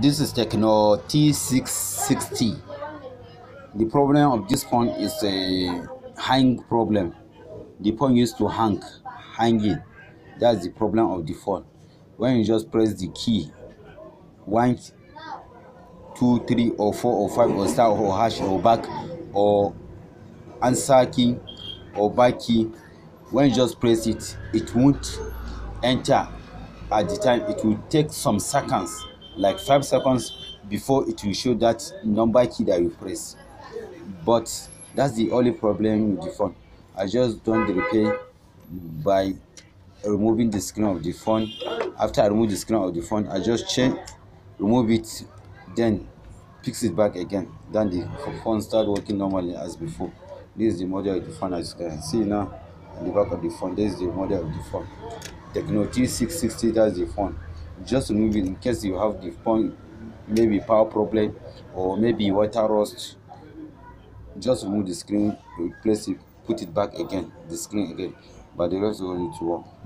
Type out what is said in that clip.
this is Techno T660 the problem of this phone is a hang problem the phone used to hang hanging that's the problem of the phone when you just press the key one two three or four or five or star or hash or back or answer key or back key when you just press it it won't enter at the time it will take some seconds like five seconds before it will show that number key that you press but that's the only problem with the phone i just done the repair by removing the screen of the phone after i remove the screen of the phone i just change remove it then fix it back again then the phone start working normally as before this is the model of the phone as you can see now the back of the phone this is the model of the phone techno t660 that's the phone just remove it in case you have the point maybe power problem or maybe water rust just remove the screen replace it put it back again the screen again but the rest will need to work